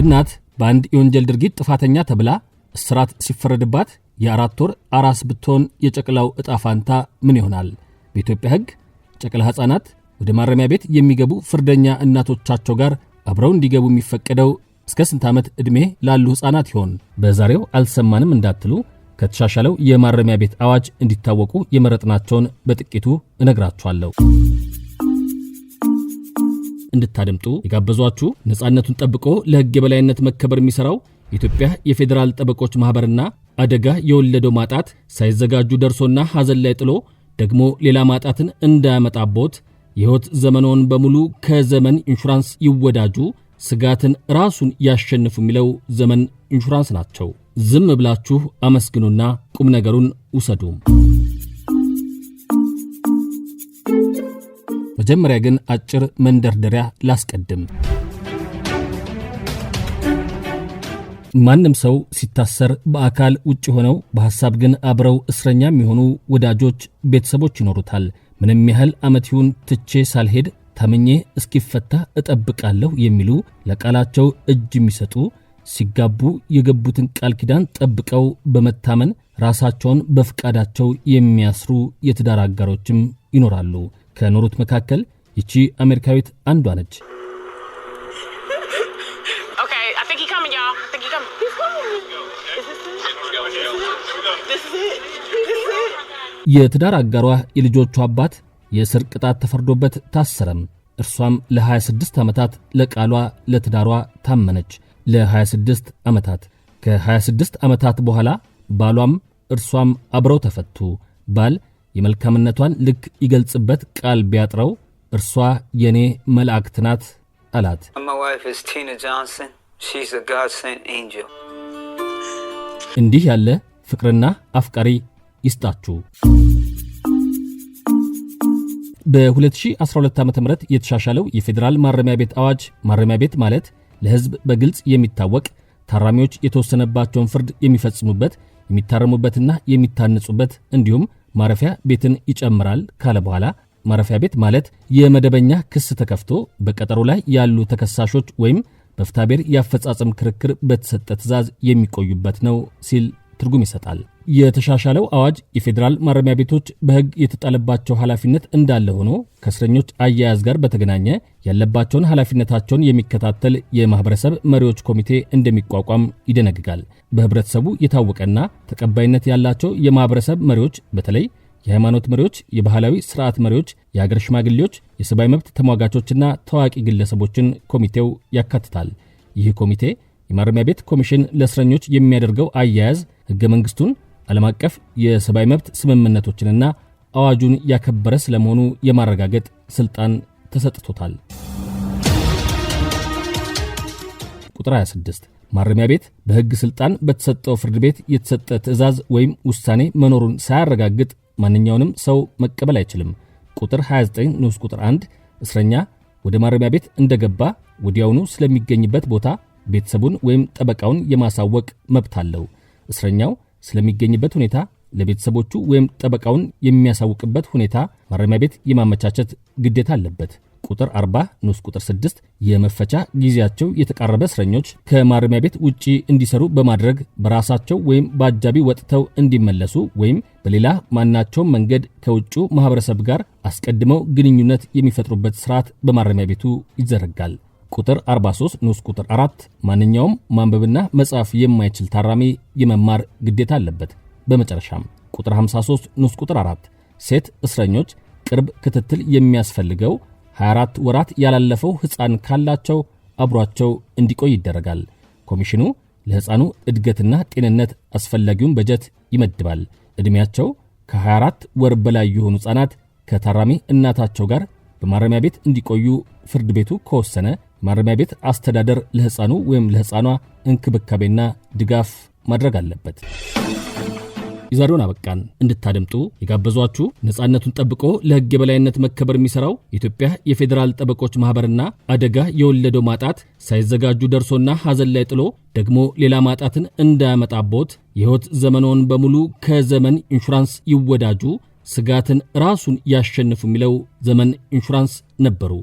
እናት በአንድ የወንጀል ድርጊት ጥፋተኛ ተብላ እስራት ሲፈረድባት የአራት ወር አራስ ብትሆን የጨቅላው ዕጣ ፋንታ ምን ይሆናል? በኢትዮጵያ ሕግ ጨቅላ ሕፃናት ወደ ማረሚያ ቤት የሚገቡ ፍርደኛ እናቶቻቸው ጋር አብረው እንዲገቡ የሚፈቀደው እስከ ስንት ዓመት ዕድሜ ላሉ ሕፃናት ይሆን? በዛሬው አልሰማንም እንዳትሉ ከተሻሻለው የማረሚያ ቤት አዋጅ እንዲታወቁ የመረጥናቸውን በጥቂቱ እነግራችኋለሁ። እንድታደምጡ የጋበዟችሁ ነፃነቱን ጠብቆ ለህግ የበላይነት መከበር የሚሰራው የኢትዮጵያ የፌዴራል ጠበቆች ማኅበርና አደጋ የወለደው ማጣት ሳይዘጋጁ ደርሶና ሐዘን ላይ ጥሎ ደግሞ ሌላ ማጣትን እንዳያመጣቦት የሕይወት ዘመኖን በሙሉ ከዘመን ኢንሹራንስ ይወዳጁ። ስጋትን ራሱን ያሸንፉ የሚለው ዘመን ኢንሹራንስ ናቸው። ዝም ብላችሁ አመስግኑና ቁም ነገሩን ውሰዱ። መጀመሪያ ግን አጭር መንደርደሪያ ላስቀድም። ማንም ሰው ሲታሰር በአካል ውጭ ሆነው በሐሳብ ግን አብረው እስረኛ የሚሆኑ ወዳጆች፣ ቤተሰቦች ይኖሩታል። ምንም ያህል ዓመት ይሁን ትቼ ሳልሄድ ታምኜ እስኪፈታ እጠብቃለሁ የሚሉ ለቃላቸው እጅ የሚሰጡ ሲጋቡ የገቡትን ቃል ኪዳን ጠብቀው በመታመን ራሳቸውን በፍቃዳቸው የሚያስሩ የትዳር አጋሮችም ይኖራሉ። ከኖሩት መካከል ይቺ አሜሪካዊት አንዷ ነች። የትዳር አጋሯ የልጆቹ አባት የእስር ቅጣት ተፈርዶበት ታሰረም። እርሷም ለ26 ዓመታት ለቃሏ ለትዳሯ ታመነች። ለ26 ዓመታት ከ26 ዓመታት በኋላ ባሏም እርሷም አብረው ተፈቱ። ባል የመልካምነቷን ልክ ይገልጽበት ቃል ቢያጥረው እርሷ የእኔ መላእክት ናት አላት። እንዲህ ያለ ፍቅርና አፍቃሪ ይስጣችሁ። በ2012 ዓ ም የተሻሻለው የፌዴራል ማረሚያ ቤት አዋጅ ማረሚያ ቤት ማለት ለሕዝብ በግልጽ የሚታወቅ ታራሚዎች የተወሰነባቸውን ፍርድ የሚፈጽሙበት የሚታረሙበትና የሚታነጹበት እንዲሁም ማረፊያ ቤትን ይጨምራል ካለ በኋላ ማረፊያ ቤት ማለት የመደበኛ ክስ ተከፍቶ በቀጠሮ ላይ ያሉ ተከሳሾች ወይም በፍታቤር ብሔር የአፈጻጸም ክርክር በተሰጠ ትዕዛዝ የሚቆዩበት ነው ሲል ትርጉም ይሰጣል። የተሻሻለው አዋጅ የፌዴራል ማረሚያ ቤቶች በሕግ የተጣለባቸው ኃላፊነት እንዳለ ሆኖ ከእስረኞች አያያዝ ጋር በተገናኘ ያለባቸውን ኃላፊነታቸውን የሚከታተል የማህበረሰብ መሪዎች ኮሚቴ እንደሚቋቋም ይደነግጋል። በህብረተሰቡ የታወቀና ተቀባይነት ያላቸው የማህበረሰብ መሪዎች በተለይ የሃይማኖት መሪዎች፣ የባህላዊ ስርዓት መሪዎች፣ የሀገር ሽማግሌዎች፣ የሰብአዊ መብት ተሟጋቾችና ታዋቂ ግለሰቦችን ኮሚቴው ያካትታል። ይህ ኮሚቴ የማረሚያ ቤት ኮሚሽን ለእስረኞች የሚያደርገው አያያዝ ህገ መንግስቱን ዓለም አቀፍ የሰብአዊ መብት ስምምነቶችንና አዋጁን ያከበረ ስለመሆኑ የማረጋገጥ ስልጣን ተሰጥቶታል። ቁጥር 26 ማረሚያ ቤት በህግ ስልጣን በተሰጠው ፍርድ ቤት የተሰጠ ትዕዛዝ ወይም ውሳኔ መኖሩን ሳያረጋግጥ ማንኛውንም ሰው መቀበል አይችልም። ቁጥር 29 ንዑስ ቁጥር 1 እስረኛ ወደ ማረሚያ ቤት እንደገባ ወዲያውኑ ስለሚገኝበት ቦታ ቤተሰቡን ወይም ጠበቃውን የማሳወቅ መብት አለው። እስረኛው ስለሚገኝበት ሁኔታ ለቤተሰቦቹ ወይም ጠበቃውን የሚያሳውቅበት ሁኔታ ማረሚያ ቤት የማመቻቸት ግዴታ አለበት። ቁጥር 40 ንዑስ ቁጥር 6 የመፈቻ ጊዜያቸው የተቃረበ እስረኞች ከማረሚያ ቤት ውጪ እንዲሰሩ በማድረግ በራሳቸው ወይም በአጃቢ ወጥተው እንዲመለሱ ወይም በሌላ ማናቸውም መንገድ ከውጩ ማህበረሰብ ጋር አስቀድመው ግንኙነት የሚፈጥሩበት ስርዓት በማረሚያ ቤቱ ይዘረጋል። ቁጥር 43 ንዑስ ቁጥር 4 ማንኛውም ማንበብና መጻፍ የማይችል ታራሚ የመማር ግዴታ አለበት። በመጨረሻም ቁጥር 53 ንዑስ ቁጥር 4 ሴት እስረኞች ቅርብ ክትትል የሚያስፈልገው 24 ወራት ያላለፈው ሕፃን ካላቸው አብሯቸው እንዲቆይ ይደረጋል። ኮሚሽኑ ለሕፃኑ እድገትና ጤንነት አስፈላጊውን በጀት ይመድባል። ዕድሜያቸው ከ24 ወር በላይ የሆኑ ሕፃናት ከታራሚ እናታቸው ጋር በማረሚያ ቤት እንዲቆዩ ፍርድ ቤቱ ከወሰነ ማረሚያ ቤት አስተዳደር ለሕፃኑ ወይም ለሕፃኗ እንክብካቤና ድጋፍ ማድረግ አለበት። የዛሬውን አበቃን። እንድታደምጡ የጋበዟችሁ ነፃነቱን ጠብቆ ለሕግ የበላይነት መከበር የሚሠራው የኢትዮጵያ የፌዴራል ጠበቆች ማኅበርና አደጋ የወለደው ማጣት ሳይዘጋጁ ደርሶና ሐዘን ላይ ጥሎ ደግሞ ሌላ ማጣትን እንዳያመጣቦት የሕይወት ዘመኖን በሙሉ ከዘመን ኢንሹራንስ ይወዳጁ። ስጋትን ራሱን ያሸንፉ የሚለው ዘመን ኢንሹራንስ ነበሩ።